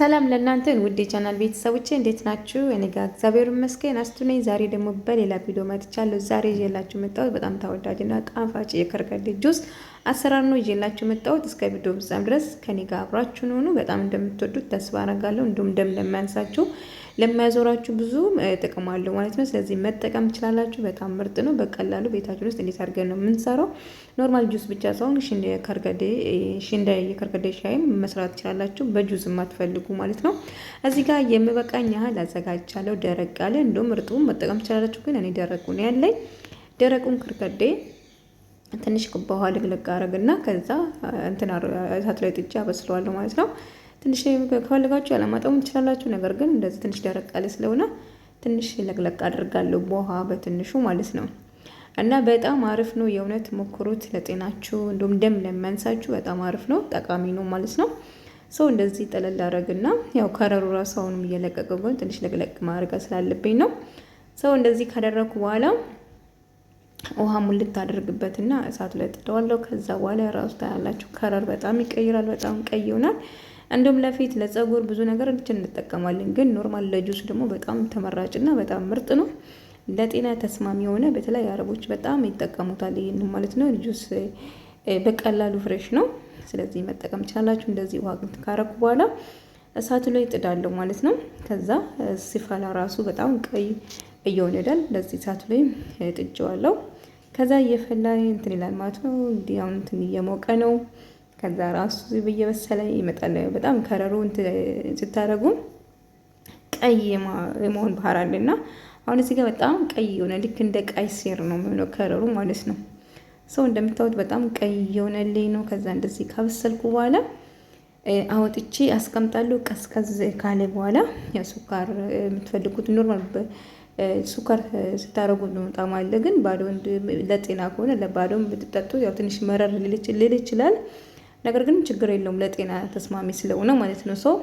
ሰላም ለእናንተ ውድ የቻናል ቤተሰቦቼ እንዴት ናችሁ? እኔ ጋር እግዚአብሔር ይመስገን አስቱ ነኝ። ዛሬ ደግሞ በሌላ ቪዲዮ መጥቻለሁ። ዛሬ ይዤላችሁ መጣሁት በጣም ተወዳጅና ጣፋጭ የከርካዴ ጁስ አሰራር ነው ይዤላችሁ መጣሁት። እስከ ቪዲዮ ፍጻሜ ድረስ ከኔ ጋር አብራችሁን ሆኑ። በጣም እንደምትወዱት ተስፋ አረጋለሁ። እንዲሁም ደም እንደማያንሳችሁ ለማያዞራችሁ ብዙ ጥቅም አለው ማለት ነው። ስለዚህ መጠቀም ትችላላችሁ። በጣም ምርጥ ነው። በቀላሉ ቤታችን ውስጥ እንዴት አድርገን ነው የምንሰራው? ኖርማል ጁስ ብቻ ሳይሆን ሽንዳ የከርከዴ ሻይም መስራት ትችላላችሁ፣ በጁስ የማትፈልጉ ማለት ነው። እዚህ ጋር የምበቃኝ ያህል አዘጋጅቻለሁ። ደረቅ ያለ እንደውም እርጥቡን መጠቀም ትችላላችሁ፣ ግን እኔ ደረቁ ነው ያለኝ። ደረቁን ከርከዴ ትንሽ ውሃ ልግለቅ አረግና ከዛ እንትን እሳት ላይ ጥጃ አበስለዋለሁ ማለት ነው። ትንሽ ከፈለጋችሁ ያለማጠሙ ትችላላችሁ። ነገር ግን እንደዚህ ትንሽ ደረቅ ያለ ስለሆነ ትንሽ ለቅለቅ አድርጋለሁ በውሃ በትንሹ ማለት ነው። እና በጣም አሪፍ ነው የእውነት ሞክሩት። ለጤናችሁ እንዲሁም ደም ለሚያንሳችሁ በጣም አሪፍ ነው፣ ጠቃሚ ነው ማለት ነው። ሰው እንደዚህ ጠለል አደረግና ያው ከረሩ ራሱ አሁንም እየለቀቀ ግን ትንሽ ለቅለቅ ማድረግ ስላለብኝ ነው። ሰው እንደዚህ ካደረኩ በኋላ ውሃ ሙልት አደርግበትና እሳቱ ላይ ጥደዋለሁ። ከዛ በኋላ ራሱ ታያላችሁ ከረር በጣም ይቀይራል፣ በጣም ቀይ ይሆናል። እንዲሁም ለፊት ለጸጉር ብዙ ነገር እንጠቀማለን። ግን ኖርማል ለጁስ ደግሞ በጣም ተመራጭና በጣም ምርጥ ነው። ለጤና ተስማሚ የሆነ በተለይ አረቦች በጣም ይጠቀሙታል። ይህን ማለት ነው። ጁስ በቀላሉ ፍሬሽ ነው። ስለዚህ መጠቀም ይችላላችሁ። እንደዚህ ውሃ ካረኩ በኋላ እሳቱ ላይ ጥዳለሁ ማለት ነው። ከዛ ሲፈላ ራሱ በጣም ቀይ እየሆነ ይሄዳል። ለዚህ እሳቱ ላይ ጥጄዋለሁ። ከዛ እየፈላ እንትን ይላል ማለት ነው። እንዲህ አሁን እንትን እየሞቀ ነው ከዛ ራሱ እየበሰለ ይመጣል። በጣም ከረሩን ስታደርጉ ቀይ የመሆን ባህር አለና አሁን እዚህ ጋር በጣም ቀይ የሆነ ልክ እንደ ቀይ ሲር ነው የሚሆነው ከረሩ ማለት ነው። ሰው እንደምታዩት በጣም ቀይ የሆነልኝ ነው። ከዛ እንደዚህ ካበሰልኩ በኋላ አወጥቼ አስቀምጣለሁ። ቀዝቀዝ ካለ በኋላ ያው ሱካር የምትፈልጉት ኖርማል ሱካር ስታረጉ ነው ጣም አለ። ግን ባዶ ለጤና ከሆነ ለባዶም ብትጠጡ ያው ትንሽ መረር ሊል ይችላል። ነገር ግን ችግር የለውም ለጤና ተስማሚ ስለሆነ ማለት ነው ሰው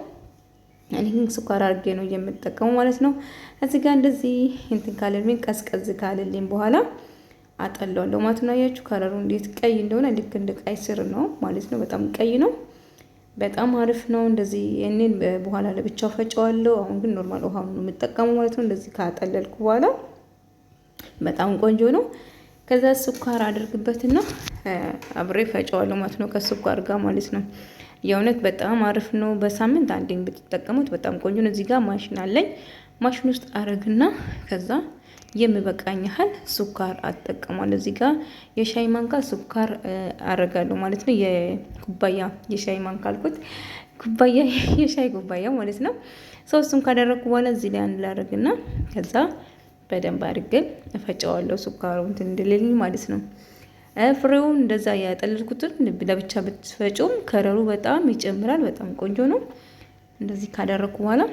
እኔ ስኳር አድርጌ ነው የምጠቀሙ ማለት ነው። እዚህ ጋር እንደዚህ እንትን ካለልኝ ቀዝቀዝ ካለልኝ በኋላ አጠለዋለሁ ማለት ነው። አያችሁ ከለሩ እንዴት ቀይ እንደሆነ ልክ እንደ ቀይ ስር ነው ማለት ነው። በጣም ቀይ ነው። በጣም አሪፍ ነው። እንደዚህ እኔን በኋላ ለብቻው ፈጨዋለሁ። አሁን ግን ኖርማል ውሃ ነው የምጠቀሙ ማለት ነው። እንደዚህ ካጠለልኩ በኋላ በጣም ቆንጆ ነው። ከዛ ስኳር አድርግበትና አብሬ ፈጨዋለሁ ማለት ነው፣ ከስኳር ጋር ማለት ነው። የእውነት በጣም አሪፍ ነው። በሳምንት አንዴ ብትጠቀሙት በጣም ቆንጆ ነው። እዚህ ጋር ማሽን አለኝ። ማሽን ውስጥ አረግና ከዛ የሚበቃኝ ያህል ስኳር አጠቀማለሁ። እዚህ ጋር የሻይ ማንካ ስኳር አረጋለሁ ማለት ነው። የኩባያ የሻይ ማንካ አልኩት፣ ኩባያ የሻይ ኩባያ ማለት ነው። ሶስቱም ካደረግኩ በኋላ እዚህ ላይ አንድ ላረግና ከዛ በደንብ አድርገን እፈጨዋለሁ። ሱካሩን እንትን እንድልልኝ ማለት ነው። ፍሬውን እንደዛ ያጠለልኩትን ለብቻ ብትፈጩም ከረሩ በጣም ይጨምራል። በጣም ቆንጆ ነው። እንደዚህ ካደረግኩ በኋላ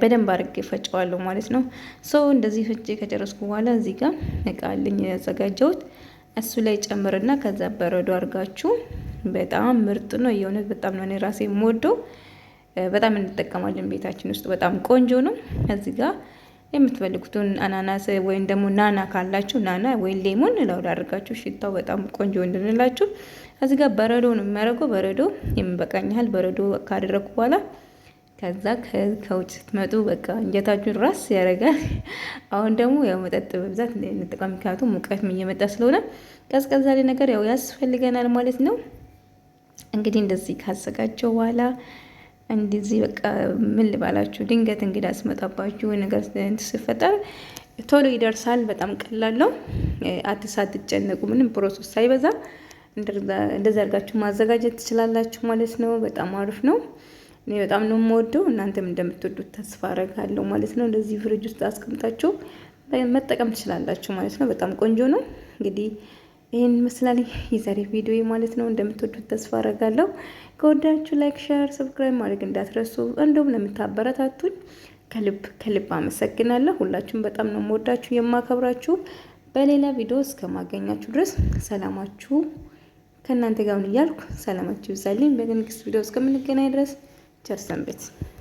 በደንብ አድርጌ ፈጨዋለሁ ማለት ነው። ሶ እንደዚህ ፈጭ ከጨረስኩ በኋላ እዚህ ጋር እቃ አለኝ ያዘጋጀሁት እሱ ላይ ጨምርና ከዛ በረዶ አድርጋችሁ በጣም ምርጥ ነው። የእውነት በጣም ነው እኔ ራሴ የምወደው። በጣም እንጠቀማለን ቤታችን ውስጥ በጣም ቆንጆ ነው። እዚህ ጋር የምትፈልጉትን አናናስ ወይም ደግሞ ናና ካላችሁ ናና ወይም ሌሞን ላው ዳርጋችሁ ሽታው በጣም ቆንጆ እንድንላችሁ እዚህ ጋር በረዶ ነው የሚያደርገው። በረዶ የሚበቃኝ በረዶ ካደረግኩ በኋላ ከዛ ከውጭ ስትመጡ በቃ እንጀታችሁን ራስ ያደርጋል። አሁን ደግሞ ያው መጠጥ በብዛት እንጠቀም፣ ምክንያቱም ሙቀት እየመጣ ስለሆነ ቀዝቀዝ ያለ ነገር ያው ያስፈልገናል ማለት ነው። እንግዲህ እንደዚህ ካዘጋጀው በኋላ እንደዚህ በቃ ምን ልባላችሁ፣ ድንገት እንግዳ ስመጣባችሁ ነገር ሲፈጠር ቶሎ ይደርሳል። በጣም ቀላል ነው። አዲስ አትጨነቁ። ምንም ፕሮሰስ ሳይበዛ እንደዛ አድርጋችሁ ማዘጋጀት ትችላላችሁ ማለት ነው። በጣም አሪፍ ነው። እኔ በጣም ነው የምወደው፣ እናንተም እንደምትወዱት ተስፋ አረጋለሁ ማለት ነው። እንደዚህ ፍሪጅ ውስጥ አስቀምጣችሁ መጠቀም ትችላላችሁ ማለት ነው። በጣም ቆንጆ ነው እንግዲህ ይህን ይመስላል የዛሬ ቪዲዮ ማለት ነው። እንደምትወዱት ተስፋ አረጋለሁ። ከወዳችሁ ላይክ፣ ሸር፣ ሰብስክራይብ ማድረግ እንዳትረሱ። እንዲሁም ለምታበረታቱኝ ከልብ ከልብ አመሰግናለሁ። ሁላችሁም በጣም ነው የምወዳችሁ የማከብራችሁ። በሌላ ቪዲዮ እስከማገኛችሁ ድረስ ሰላማችሁ ከእናንተ ጋር ሁን እያልኩ ሰላማችሁ ይብዛልኝ። በንግስት ቪዲዮ እስከምንገናኝ ድረስ ቸር ሰንብቱ።